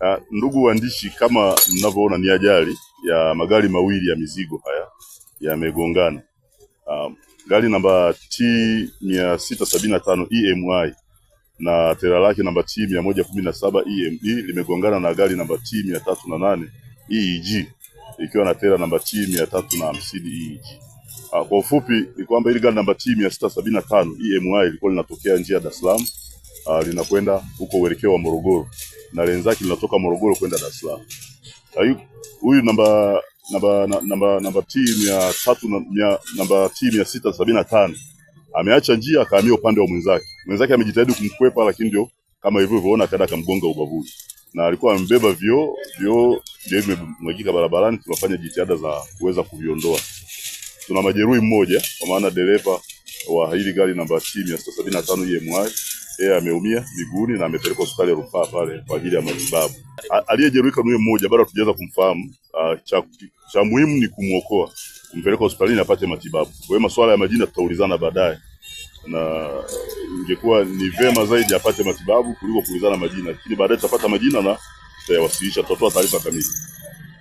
Uh, ndugu waandishi, kama mnavyoona ni ajali ya magari mawili ya mizigo haya yamegongana. Uh, gari namba T 675 EMI na tela lake namba T 117 EME limegongana na gari namba T 308 EEG ikiwa na tela namba T 350 EEG. Uh, kwa ufupi ni kwamba ile gari namba T 675 EMI ilikuwa linatokea njia ya Dar es Salaam, uh, linakwenda huko uelekeo wa Morogoro na lenzake linatoka Morogoro kwenda Dar es Salaam. Huyu namba namba namba namba timu ya tatu namba T mia sita sabini na tano ameacha njia akahamia upande wa mwenzake. Mwenzake amejitahidi kumkwepa, lakini ndio kama hivyo hivyoona, akaenda akamgonga ubavuni, na alikuwa amebeba vio vio ndio vimemwagika barabarani. Tunafanya jitihada za kuweza kuviondoa. Tuna majeruhi mmoja, kwa maana dereva wa hili gari namba T mia sita sabini na tano EMI yeye ameumia miguuni na amepelekwa hospitali ya rufaa pale kwa ajili ya matibabu. Aliyejeruhika ni mmoja, bado hatujaweza kumfahamu. Cha, cha muhimu ni kumwokoa, kumpeleka hospitalini apate matibabu. Kwa hiyo masuala ya majina tutaulizana baadaye, na ingekuwa ni vema zaidi apate matibabu kuliko kuulizana majina, lakini baadaye tutapata majina na tutayawasilisha, tutatoa taarifa kamili.